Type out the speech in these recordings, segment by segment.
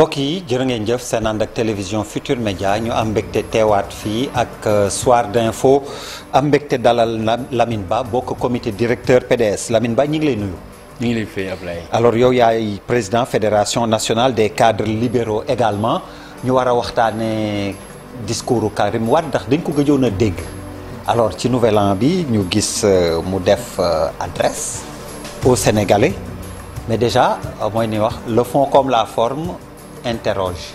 mbokk yi jërë ngeen jëf seen ànd ak télévision Futur Média ñu am mbégte teewaat fii ak euh, soir d'info am mbégte dalal lamin Ba bokk commité directeur PDS Lamine Ba ñu ngi lay nuyu. ñu ngi lay fay Ablaye. alors yow yaay président fédération nationale des cadres libéraux également ñu war a waxtaanee discours Karim Wade ndax dañ ko gëjoon a dégg. alors ci nouvel an bi ñu gis euh, mu def euh, adresse aux Sénégalais mais déjà mooy ni wax le fond la forme. interroge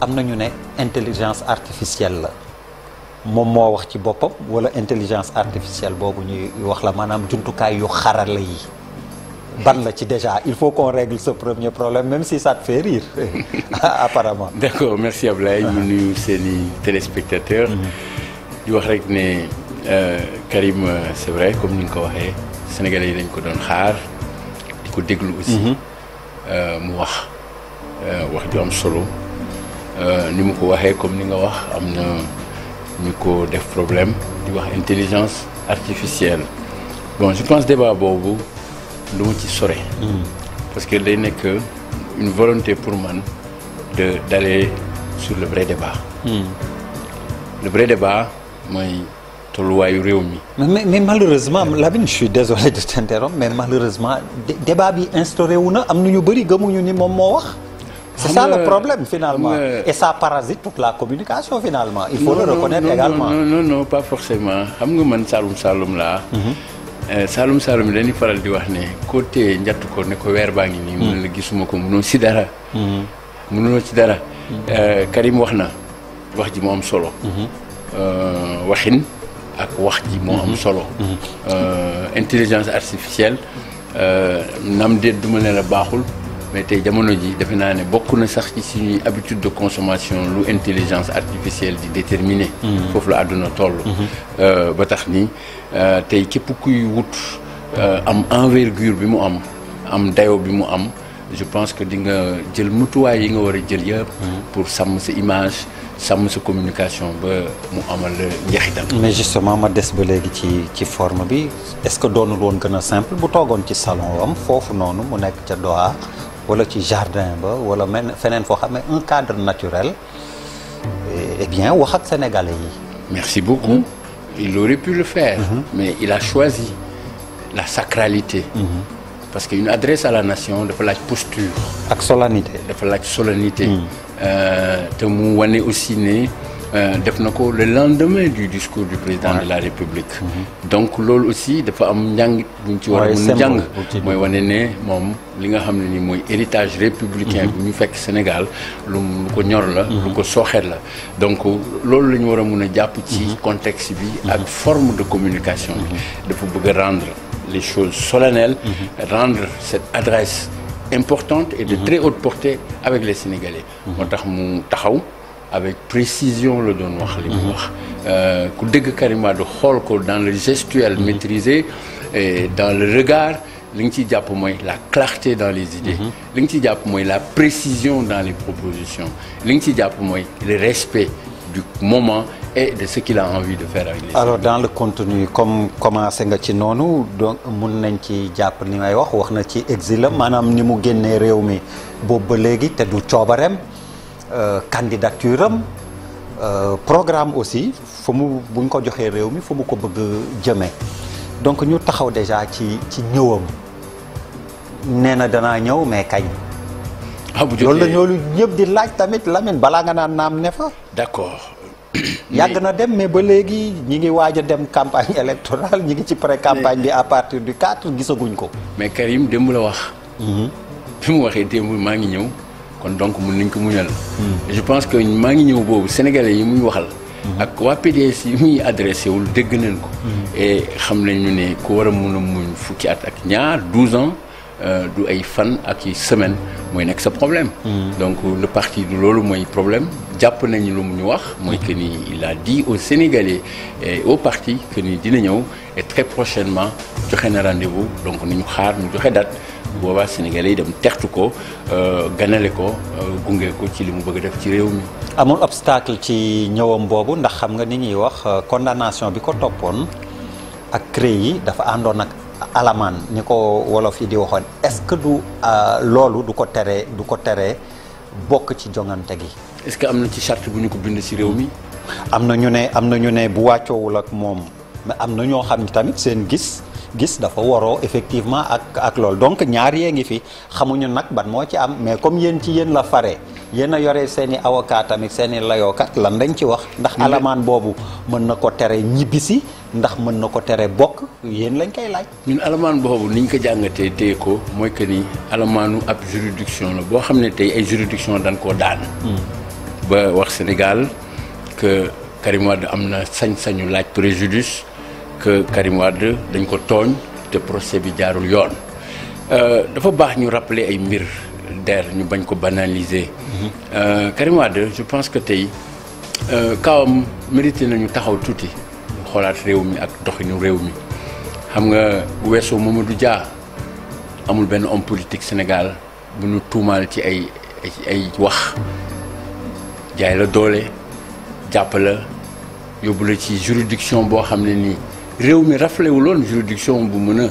am na ñu ne intelligence artificielle la moom moo wax ci boppam wala intelligence artificielle boobu ñuy wax la maanaam jumtukaay yu xarala yi ban la ci déjà il faut qu'on règle ce premier problème même si ça te fait rire apparemment d'accord merci Ablaye ñu ah. nuyu seeni téléspectateurs mhm. di wax rek ne euh, Karim euh, c'est vrai comme ni nga ko waxee sénégalais yi dañ ko doon xaar di ko déglu aussi mhm. euh, mu wax Euh, wax ju am solo euh, ni mu ko waxee comme ni nga wax am na ñu ko def problème di wax intelligence artificielle bon je pense débat boobu lu mu ci sore hmm. parce que day nekk une volonté pour man de d'aller sur le vrai de mm. le vrai débat mooy tolluwaayu réew mi. mais mais malheureusement hmm. Lamine je suis désolé de t'interrompre mais malheureusement débat bi instauré wu na am na ñu bëri gëmuñu ni moom moo wax. c'est ça le problème finalement et ça parasite toute la communication finalement il faut le reconnaître également non non pas forcément xam nga man Saloum Saloum laa mhm. euh, Saloum Saloum dañuy faral di wax ne koo téye njatt ko ne ko weer baa ngi nii mun mhm. la gisuma ko munoo si dara munoo mhm. si dara euh, Karim wax na wax ji moo am solo euh, waxin ak wax ji moo am solo intelligence artificielle nam déet duma ne la baaxul mais tey jamono ji defe naa ne bokk na sax ci suñuy habitude de consommation lu intelligence artificielle di déterminer. Mm-hmm. foofu la adduna toll. Mm-hmm. Euh, ba tax ni euh, tey képp kuy wut euh, am envergure bi mu am am dayo bi mu am je pense que di nga jël mutuwaay yi nga war a jël yëpp. Mm-hmm. pour sàmm sa image. sàmm sa communication ba mu amal njeexital. mais justement ma des ba léegi ci ci forme bi est-ce que doonul woon gën a simple bu toogoon ci salon am foofu noonu mu nekk ca Doha wala ci jardin ba wala men feneen foo xam ne un cadre naturel eh, eh bien wax ak sénégalais yi. merci beaucoup. Hmm? il aurait pu le faire. Hmm? mais il a choisi la sacralité. Hmm? parce qu'une adresse à la nation dafa laaj posture. ak solennité dafa laaj solennité. Euh, te mu wane aussi ne. Euh, def na ko le lendemain du discours du président de la république mhm. donc loolu aussi dafa am njàng buñ ci war a mën a mooy wane ne moom li nga xam ne ni mooy héritage républicain mhm. bu ñu fekk Sénégal lu ko ñor la mhm. lu ko sooxeet la donc loolu la ñu war a mun a jàpp ci contexte bi ak forme de communication dafa bëgg a rendre les choses solennelles rendre cette adresse importante et de très haute portée avec les Sénégalais moo tax mu taxaw avec précision la doon wax li mu wax euh, ku dégg Karim Wade xool ko dans le gestuel mhm. maîtrisé dans le regard li nga ciy jàpp mooy la clarté dans les idées mhm. li nga ciy jàpp mooy la précision dans les propositions li nga ciy jàpp mooy le respect du moment et de ce qu'il a envie de faire avec alors dans le contenu comme commencé nga ci noonu donc mun nañ ci jàpp ni may wax wax na ci exil maanaam ni mu génnee réew mi boobu ba léegi te du coobareem Euh, candidature am euh, programme aussi fu mu bu ñu ko joxee réew mi fu mu ko bëgg jëmee donc ñu taxaw déjà ci ci ñëwam nee na danaa ñëw mais kañ. Ah, loolu la ñoolu ñëpp di laaj tamit Lamine balaa nga naan naam ne fa. d'accord. yàgg na dem mais ba léegi ñi ngi waaj a dem campagne électorale ñi ngi ci pré campagne bi à partir du 4 gisaguñ ko. mais Karim démb la wax. Mhm. bi mu waxee démb maa ngi ñëw. kon donc mun nañ ko muñal. je pense que maa ngi ñëw boobu sénégalais yi muy waxal. ak waa PDS yi muy adressé wul dégg nañ ko. Mm-hmm. et xam nañu ne ku war a mu a muñ fukki at ak ñaar douze ans. Euh, du ay fan ak yi semaine mooy nekk sa problème. Mm-hmm. donc euh, le parti du loolu mooy problème jàpp nañu lu mu ñu wax. mooy que nii il a dit aux Sénégalais au parti que ni dina ñëw et très prochainement joxe na rendez donc ni xaar mu joxe date. boobaa sénégalais yi dem textu ko euh, ganale ko euh, gunge ko ci li mu bëgg a def ci réew mi. amul obstacle ci ñëwam boobu ndax xam nga ni ñuy wax euh, condamnation bi ko toppoon ak CREI yi dafa àndoon ak alamaan ni ko wolof yi di waxoon est-ce que du loolu du ko tere du ko tere bokk ci jongante gi. est-ce que am na ci charte bu ñu ko bind ci réew mi. am na ñu ne am na ñu ne bu wàccoowul ak moom mais am na ñoo xam ne tamit seen gis. gis dafa waroo effectivement ak ak loolu donc ñaar yee ngi fi xamuñu nag ban moo ci am mais comme yéen ci yéen la fare yéen yore seen i avocat tamit seen i layookat lan dañ ci wax ndax alamaan boobu mën na ko tere ñibbisi ndax mën na ko tere bokk yéen lañ koy laaj ñun alamaan boobu niñ ko jàngatee téye ko mooy que ni alamaanu ab juridiction la boo xam ne tey ay juridiction dañ koo daan hmm. ba wax Sénégal que Karim Wade am na sañ-sañu laaj préjudice que Karim Wade dañ ko tooñ te procès bi jaarul yoon euh, dafa baax ñu rappeler ay mbir der ñu bañ ko banaliser mhm. euh, Karim Wade je pense que tey euh, kawam mérité nañu taxaw tuuti xoolaat réew mi ak doxinu réew mi xam nga weesu Mamadou jaar amul benn homme politique Sénégal bu ñu tuumaal ci ay ay wax jaay la doole jàpp la yóbbu la ci juridiction boo xam ne nii réew mi raflé wu loon juridiction bu mën a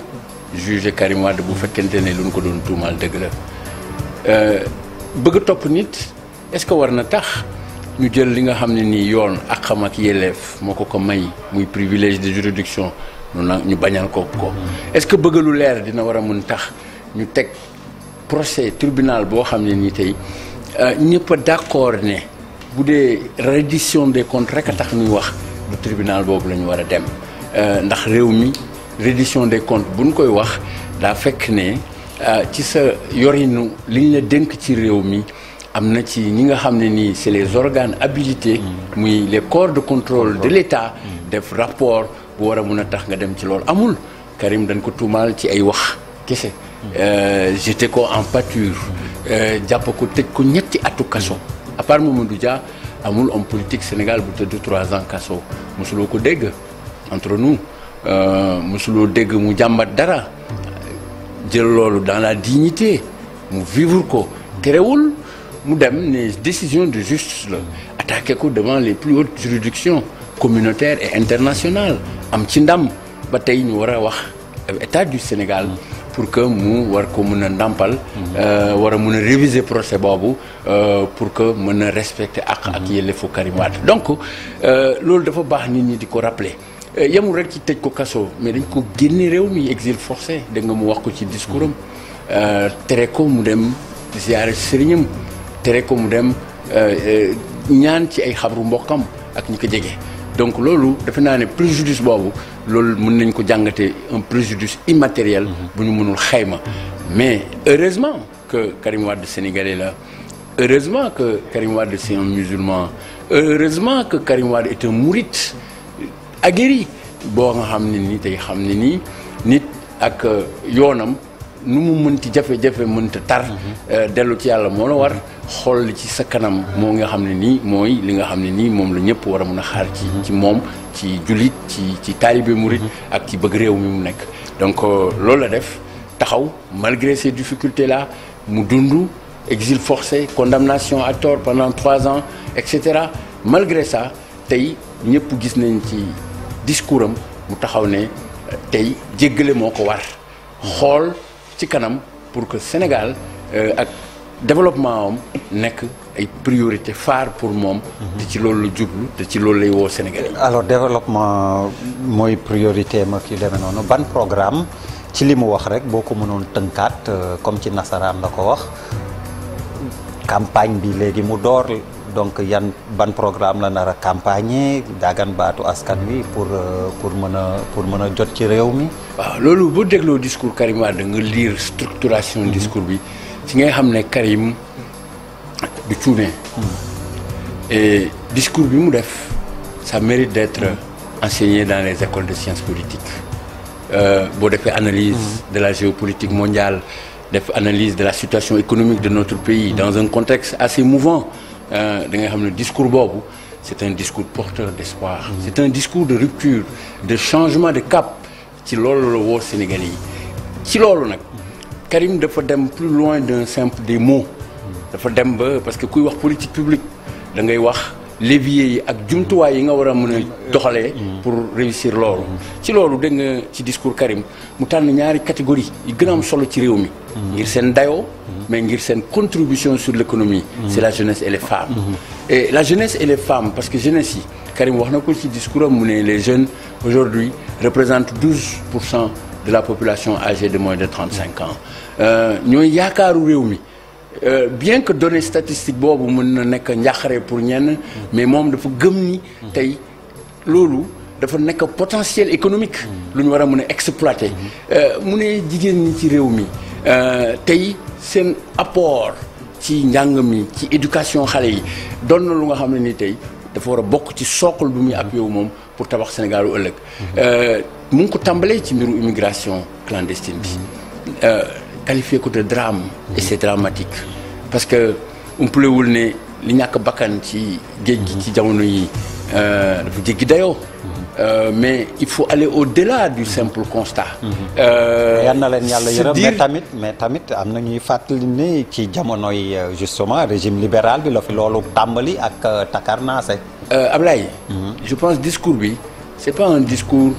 juger Karim Wade bu fekkente ne lu ñu ko doon tuumaal dëgg la euh, bëgg topp nit est-ce que war na tax ñu jël li nga xam ne nii yoon ak xam ak yelleef moo ko ko may muy privilège de juridiction ñu na ñu bañal ko ko. est-ce que bëgg lu leer dina war a mun tax ñu teg procès tribunal boo xam ne nii tey euh, ñëpp a d'accord ne bu dee reddition des comptes rek a tax ñuy wax du tribunal boobu la ñu war a dem. Euh, ndax réew mi reddition des comptes bu ñu koy wax daa fekk ne euh, ci sa yorinu liñ la dénk ci réew mi am na ci ñi nga xam ne nii c'est les organes habilités mm. muy les corps de contrôle de l'État mm. def rapport bu war a mun a tax nga dem ci loolu amul Karim dañ ko tuumaal ci ay wax kese mm. euh, jeté ko en pâture jàpp ko tëj ko ñetti atu kaso à part Mamadou Dia amul homme politique Sénégal bu tëdd trois ans kaso mosuloo ko dégg entre nous euh, mosuloo dégg mu jàmbat dara jël loolu dans la dignité mu vivre ko terewul mu dem ne décision de justice la attaqué ko devant les plus hautes juridictions communautaires et internationales am ci ndam ba tey ñu war a wax état du Sénégal pour que mu war ko mën a ndàmpal euh, war a mun a réviser procès boobu euh, pour que mën a respecter ak ak yelleefu Karim Wade donc loolu dafa baax nit ñi di ko rappeler Eh, yemul rek ci tëj ko kaso mais dañ ko génne réew mi exil forcé dégg nga mu wax ko ci discours am eh, tere ko mu dem ziare sëriñam tere ko mu dem eh, ñaan ci ay xabru mbokkam ak ñu ko jege. donc loolu defe naa ne préjudice boobu loolu mën nañ ko jàngatee un préjudice immatériel. bu ñu mënul xayma. mais heureusement que Karim Wade sénégalais la heureusement que Karim Wade c'est un musulman heureusement que Karim Wade est un mouride. aguerri boo nga xam ne nii tey xam ne nii nit ak euh, yoonam nu mu mënti jafe-jafe mënta tar mhm. euh, dellu ci yàlla moo la war xool ci sa kanam moo nga xam ne nii mooy li nga xam ne nii moom la ñëpp war a mun a xaar ci mhm. ci moom ci jullit ci ci taalibe murit mhm. ak ci bëgg réew mi mu nekk donc euh, loolu la def taxaw malgré ces difficultés là mu dund exil forcé condamnation à tort pendant trois ans et cetera malgré ça tey ñëpp gis nañ ci discours am mu taxaw ne tey jéggale moo ko war xool ci kanam pour que Sénégal euh, ak développement am nekk ay priorité phare pour moom mhm. te ci loolu la jublu te ci loolu lay woo Sénégal yi alors développement mooy priorité ma ki demee noonu ban programme ci li mu wax rek boo ko mënoon tënkaat euh, comme ci nasaraan la ko wax campagne bi léegi mu door donc yan ban programme la nar a campagne daagan baatu askan wi pour euh, pour mën a pour mën a jot ci réew mi. loolu boo dégloo discours Karim Wade nga lire structuration mhm. discours bi ci ngay xam ne Karim du cuune. Mhm. et discours bi mu def ça mérite d'être mhm. enseigné dans les écoles de sciences politiques euh, boo defee analyse de la géopolitique mondiale def analyse de la situation économique de notre pays dans un contexte assez mouvant Euh, da nga xam ne discours boobu c'est un discours porteur d'espoir. Mm-hmm. c'est un discours de rupture de changement de cap ci loolu la woor Sénégalais yi ci loolu nag mm-hmm. Karim dafa dem plus loin d'un simple des mots. Mm-hmm. dafa dem ba parce que kuy wax politique publique da ngay wax. levier yi ak jumtuwaay yi nga war a mën a doxalee. pour réussir loolu. ci loolu dégg nga ci discours Karim mu tànn ñaari catégorie yi gën am solo ci réew mi. ngir seen dayoo. mais ngir seen contribution sur l' économie. c' est la jeunesse et les femmes. et la jeunesse et les femmes parce que jeunesse yi Karim wax na ko ci discours am mu les jeunes aujourd'hui représente douze pour cent de la population âgée de moins de trente cinq ans euh, ñooy yaakaaru réew mi. Euh, bien que donnée statistique boobu mën na nekk njàqare pour ñenn mais moom dafa gëm ni tey loolu dafa nekk potentiel économique lu ñu war a mën a exploiter euh, mu ne jigéen ñi ci réew mi euh, tey seen apport ci njàng mi ci éducation xale yi doon na lu nga xam ne ni tey dafa war a bokk ci sookal bu muy appuyé yow moom pour tabax Sénégal ëllëg mu ko tàmbalee ci mbiru immigration clandestine bi qualifié ko drame et c'est dramatique parce que umpalewul ne li ñàkk bakkan ci géej gi ci jamono yi euh, dafa jéggi dayoo euh, mais il faut aller au-delà du simple constat mm-hmm. euh, yal na leen yàlla yërëm mais tamit mais tamit am na ñuy fàttali ne ci jamono yi justement régime libéral bi la fi loolu tàmbali ak takarnaase Ablaye mm-hmm. je pense discours bi c'est pas un discours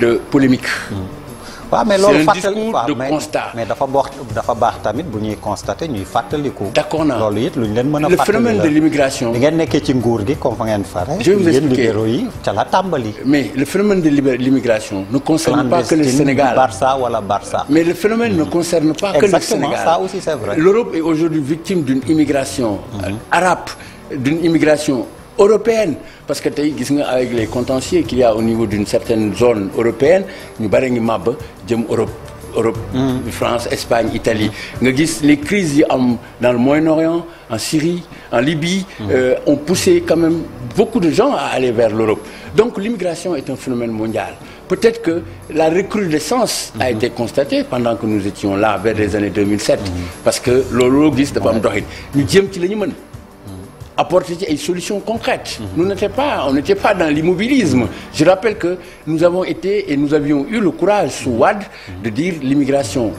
de polémique mm-hmm. waaw mais loolu fàttali de constat mais dafa baax dafa baax tamit bu ñuy constater ñuy fàttaliku. d'accord naa loolu it lu ñu leen mën a. fàttali le phénomène de l'immigration. di ngeen nekkee ci nguur gi comme fa ngeen fare. je vais yéen libéraux yi ca la tàmbali. mais le phénomène de l'immigration. ne concerne pas que le Sénégal Barça wala Barça. mais le phénomène ne hmm. concerne pas que le Sénégal exactement ça aussi c'est vrai. l'Europe est aujourd'hui victime d'une immigration hmm. arabe d'une immigration. européenne parce que tey gis nga avec les contentieux qu'il y a au niveau d'une certaine zone européenne ñu bare ngi màbb jëm Europe Europe mmh. France Espagne Italie nga gis les crises yi am dans le Moyen-Orient en Syrie en Libye mm. euh, ont poussé quand même beaucoup de gens à aller vers l'Europe donc l'immigration est un phénomène mondial peut-être que la recrudescence a mm-hmm. été constatée pendant que nous étions là vers les années mm-hmm. parce que loolu gis dafa am doxit ñu jéem ci la ñu mën apporter ci ay solutions concrètes. Mhm. nous n'étions pas on n'était pas dans l'immobilisme je rappelle que nous avons été et nous avions eu le courage sous de dire l'immigration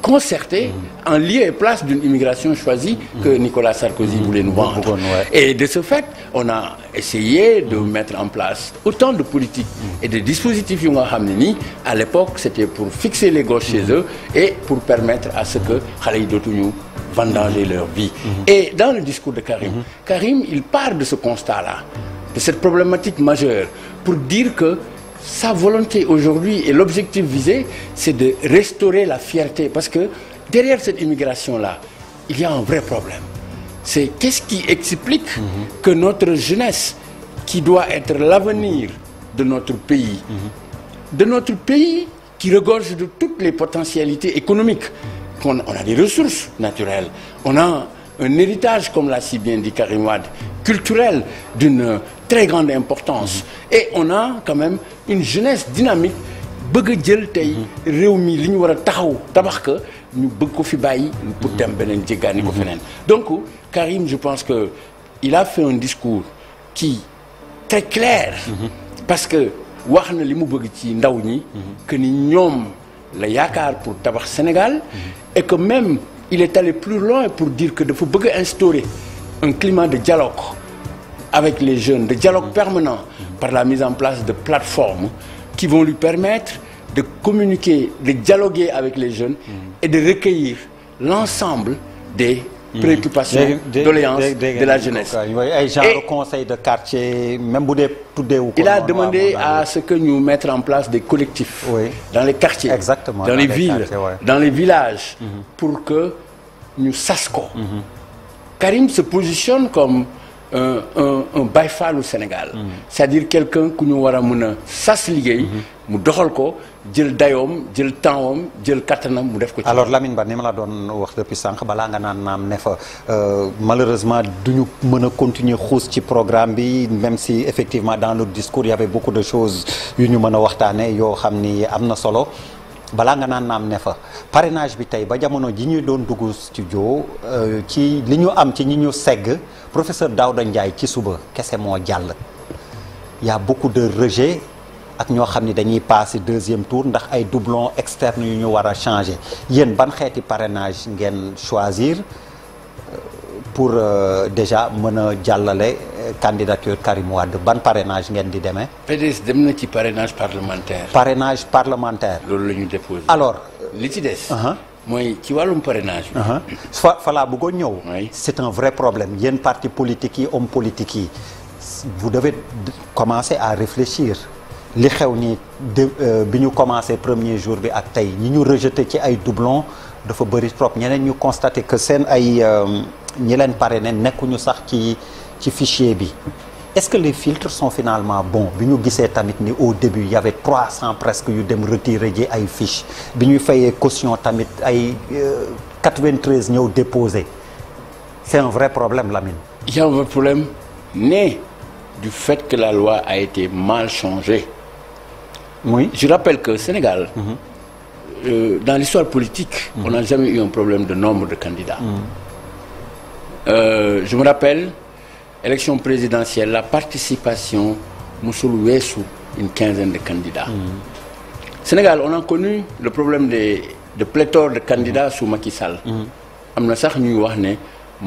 concertée mhm. en lieu et place d'une immigration choisie mhm. que Nicolas Sarkozy voulait nous vendre. Et de ce fait, on a essayé de mettre en place autant de politiques et de dispositifs yu nga xam ne nii à l'époque c'était pour fixer les gauches chez et pour permettre à ce que xale yi dootuñu vendanger leur vie. Mhm. Et dans le discours de Karim, mhm. Karim, il part de ce constat-là, de cette problématique majeure, pour dire que sa volonté aujourd'hui et l'objectif visé, c'est de restaurer la fierté. Parce que derrière cette immigration-là, il y a un vrai problème. C'est qu'est-ce qui explique mm -hmm. que notre jeunesse, qui doit être l'avenir de notre pays, mm -hmm. de notre pays qui regorge de toutes les potentialités économiques, mhm. qu'on on a des ressources naturelles, on a un héritage, comme l'a si bien dit Karim Wade, culturel d'une très grande importance. Mhm. Et on a quand même une jeunesse dynamique bëgg a jël tey mhm. réew mi li ñu war a taxaw tabax ka ñu bëgg ko fi bàyyi pour dem mhm. beneen jéggaani ko feneen donc Karim je pense que il a fait un discours qui très clair parce que wax na li mu bëgg ci ndaw ñi que ni ñoom la yaakaar pour tabax Sénégal et que même il est allé plus loin pour dire que dafa bëgg a instaurer un climat de dialogue avec les jeunes de dialogue permanent par la mise en place de plateformes qui vont lui permettre de communiquer de dialoguer avec les jeunes et de recueillir l'ensemble des Mmh. préoccupation doléance de la jeunesse ay genre conseil de quartier même bu dee tuddeewu il a demandé à ce que ñu mettre en place des collectifs dans les quartiers exactement dans les villes villages mmh. pour que ñu sas ko mmh. Karim se positionne comme un un un Sénégal c'est-à-dire quelqu'un ku ñu war a mën a sas mu doxal ko jël dayoom jël tempsam jël kattanam mu def ko ci. alors Lamine Ba ni ma la doon wax depuis sànq balaa nga naan naam ne fa euh, malheureusement du ñu mën a continuer xuus ci programme bi même si effectivement dans le discours il y beaucoup de choses yu ñu mën a waxtaanee yoo xam ni am na solo. balaa nga naan naam ne fa parrainage bi tey ba jamono ji ñuy doon dugg studio euh, ci li ñu am ci ñi ñu segg professeur Daouda Ndiaye ci suba kese moo jàll y ak ñoo xam ni dañuy passer deuxième tour ndax ay doublons externes yu ñu war a changer yéen ban xeeti parrainage ngeen choisir euh, pour euh, déjà mën a jàllale euh, candidature Karim Wade ban parrainage ngeen di demee. PDS dem na ci parrainage parlementaire. parrainage parlementaire. loolu la ñu déposé. alors li ci des. Uh-huh. mooy ci wàllum parrainage bi. Uh-huh. fa fa laa bëggoon ñëw. c'est un vrai problème yéen parti politique yi homme politique yi vous devez commencer à réfléchir. li xew nii euh, bi ñu commencé premier jour bi ak tey ñi ñu rejeté ci ay doublon dafa bëri trop ñeneen ñu constaté que seen ay euh, ñi leen pare ne nekkuñu sax ci ci fichier bi est-ce que les filtres son finalement bons bi ñu gisee tamit ni au début il y avait 300 presque yu dem retirer ji ay fiches bi ñuy fayee caution tamit ay 93 euh, ñëw déposé c'est un vrai problème la il y a un vrai problème né du fait que la loi a été mal changée. oui je rappelle que Sénégal. Mm -hmm. euh, dans l'histoire politique. Mm -hmm. on n'a jamais eu un problème de nombre de candidats. Mhm. Euh, je me rappelle élection présidentielle la participation musul weesu une quinzaine de candidats. Mhm. Sénégal on a connu le problème des de pléthore de candidats mhm. sous Macky Sall. am na sax ñuy wax ne.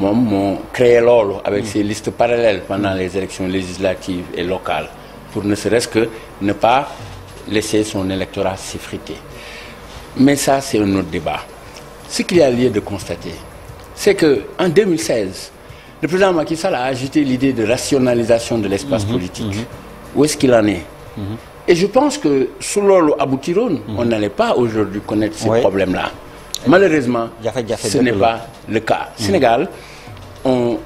moom moo créé loolu avec mmh. ces listes parallèles pendant les élections législatives et locales pour ne serait-ce que ne pas laisser son électorat s'effriter. Mais ça, c'est un autre débat. Ce qu'il y a lieu de constater, c'est qu'en 2016, le président Macky Sall a agité l'idée de rationalisation de l'espace mmh, politique. Mmh. Où est-ce qu'il en est mmh. Et je pense que sous l'eau Aboutiroun, mhm. on n'allait pas aujourd'hui connaître ces oui. problèmes-là. Malheureusement, fait, fait ce n'est pas le cas. Mhm. Sénégal, on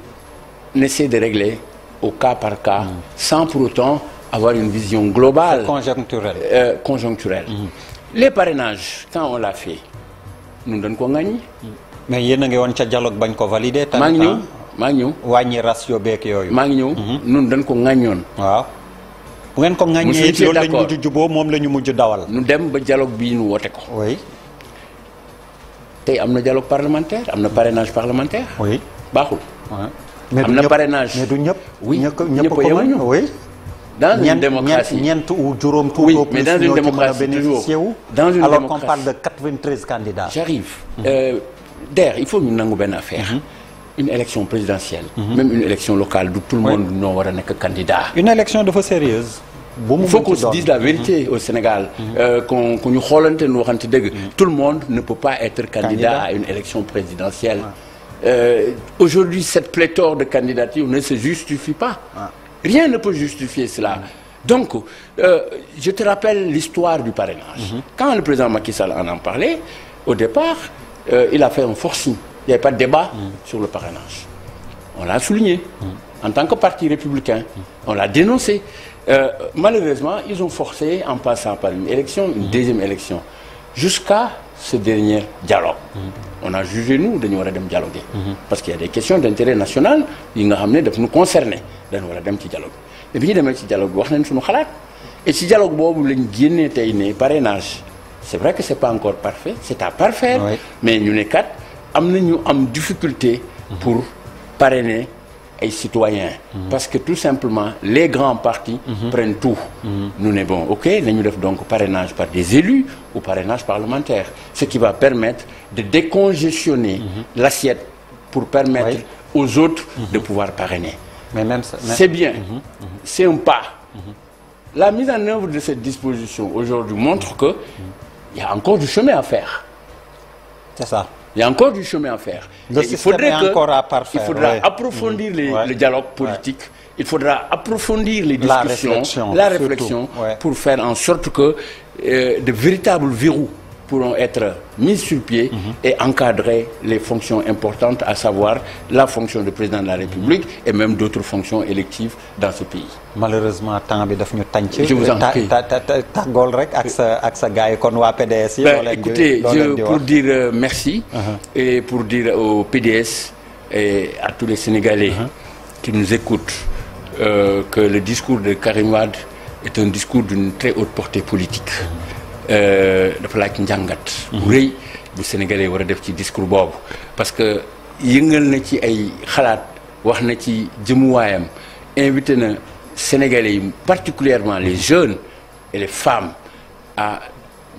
essaie de régler au cas par cas, mhm. sans pour autant avoir une vision globale. conjoncturelle euh, conjoncturelle. Mm -hmm. les parrainages quand on l'a fait ñun dañ ko ŋaññi. mais yéen a ngi woon ca dialogue bañ ko valider. maa ñëw maa ngi ñëw. wàññi ratio beeg yooyu. maa ngi ñëw ñun dañ ko ŋaññoon. waaw. bu ngeen ko ŋaññee it loolu la juboo moom la ñu mujj dawal. ñu dem ba dialogue bii ñu woote ko. oui. tey am na dialogue parlementaire am na parrainage parlementaire. oui baaxul. am na parrainage mais du ñëpp. oui ñëpp a yemuñu dans une démocratie ñeent ou juróom tout au plus ñoo dans une démocratie j'arrive mhm. euh, der il faut nangu benn affaire mhm. une élection présidentielle mhm. même une élection locale du nekk candidat une élection dafa sérieuse Il faut qu'on se dise la vérité mmh. au Sénégal euh, qu'on qu'on ñu tout le monde ne peut pas être candidat, candidat. à une élection présidentielle euh, aujourd'hui cette pléthore de candidatures ne se justifie pas Rien ne peut justifier cela. Donc, euh, je te rappelle l'histoire du parrainage. Mm -hmm. Quand le président Macky Sall en a parlé, au départ, euh, il a fait un forcing. Il n'y avait pas de débat mm -hmm. sur le parrainage. On l'a souligné. Mm -hmm. En tant que parti républicain, mhm. on l'a dénoncé. Euh, malheureusement, ils ont forcé, en passant par une élection, une mhm. deuxième élection, jusqu'à ce dernier dialogue. on a jugé nous dañu war a dem dialoguer. parce que y a des questions d'intérêt national yi nga xam ne daf ñu concerné dañu war a dem ci dialogue bi. bi ñu demee ci dialogue bi wax nañ suñu xalaat et ci dialogue boobu lañ génnee tey ne parrainage c'est vrai que c'est pas encore parfait c'est à parfaire. mais ñu ne kat am na ñu am difficulté. pour parrainer. ay citoyens. parce que tout simplement les grands partis. Mhm. prennent tout. ñu mhm. ne bon ok nañu def donc parrainage par des élus ou parrainage parlementaire ce qui va permettre de décongestionner. Mhm. l'assiette pour permettre aux autres de pouvoir parrainer. mais même ça c'est bien. c'est un pas. la mise en œuvre de cette disposition aujourd'hui montre que il y a encore du chemin à faire. ça. il y a encore du chemin à faire. Le il faudrait est que, encore à parfaire, il faudra ouais. approfondir les, ouais. le dialogue politique. Ouais. Il faudra approfondir les discussions, la réflexion, la réflexion surtout, pour faire en sorte que euh, de véritables verrous pourront être mises sur pied mhm. et encadrer les fonctions importantes, à savoir la fonction de président de la République et même d'autres fonctions électives dans ce pays. malheureusement temps bi daf ñu tànc. je vous en prie ak sa ak sa PDS euh, merci. Uh-huh. et pour dire au PDS et à tous les Sénégalais. Uh-huh. qui nous écoutent euh, que le discours de Karim Wade est un discours d'une très haute portée politique. Euh, dafa laaj njàngat. bu mhm. rëy bu sénégalais war a def ci discours boobu parce que yëngal na ci ay xalaat wax na ci jëmuwaayam invité na sénégalais yi particulièrement les mhm. jeunes et les femmes à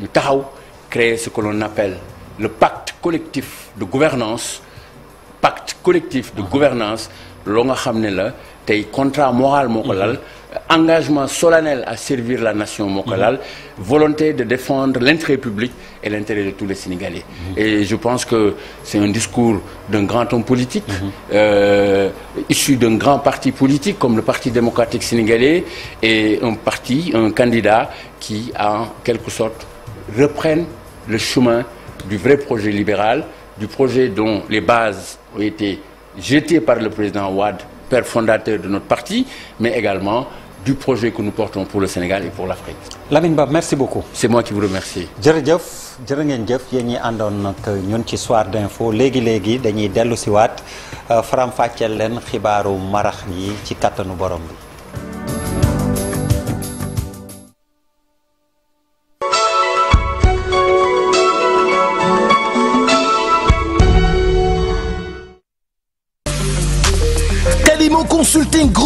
ñu taxaw créer ce que le pacte collectif de gouvernance pacte collectif de mhm. gouvernance loo nga xam ne la tey contrat moral moo ko lal engagement solennel à servir la nation moo ko laal mm-hmm. volonté de défendre l'intérêt public et l'intérêt de tous les Sénégalais mmh. et je pense que c'est un discours d'un grand homme politique mmh. euh, issu d'un grand parti politique comme le Parti démocratique sénégalais et un parti un candidat qui en quelque sorte reprenne le chemin du vrai projet libéral du projet dont les bases ont été jetées par le président Wade père fondateur de notre parti mais également du projet que nous portons pour le Sénégal et pour Ba merci beaucoup. c'est moi qui vous remercie. jërëjëf ngeen jëf yéen ñi àndoon nag ñun ci soir d'info léegi léegi dañuy dellusi si waat euh, faram-fàcceel leen xibaaru marax yi ci kattanu borom bi.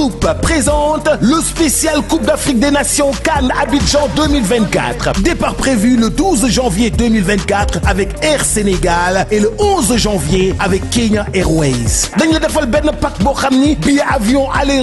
Groupe présente le spécial Coupe d'Afrique des Nations CAN Abidjan 2024. Départ prévu le 12 janvier 2024 avec Air Sénégal et le 11 janvier avec Kenya Airways. dañ la defal benn pack boo xam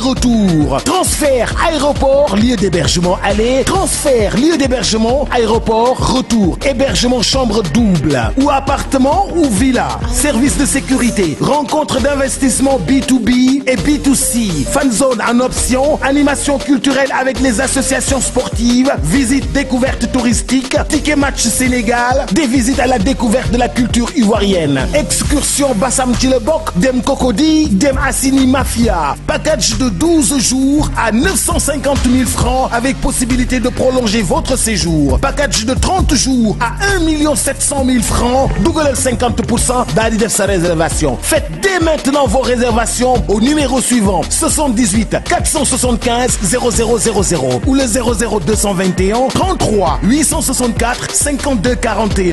retour transfert aéroport lieu d'hébergement aller transfert lieu d'hébergement aéroport retour hébergement chambre double ou appartement ou villa service de sécurité rencontre d'investissement B2B et B2C fanzo zone en option animation culturelle avec les associations sportives visite découverte touristique ticket match Sénégal des visites à la découverte de la culture ivoirienne excursion Bassam ci la bokk dem Cocody dem Assini Mafia package de 12 jours à 950 000 francs avec possibilité de prolonger votre séjour package de 30 jours à 1 million 700 000 francs dugalal 50 pour cent daal di def sa réservation faites 18 475 0000 ou le 00221 33 864 52 41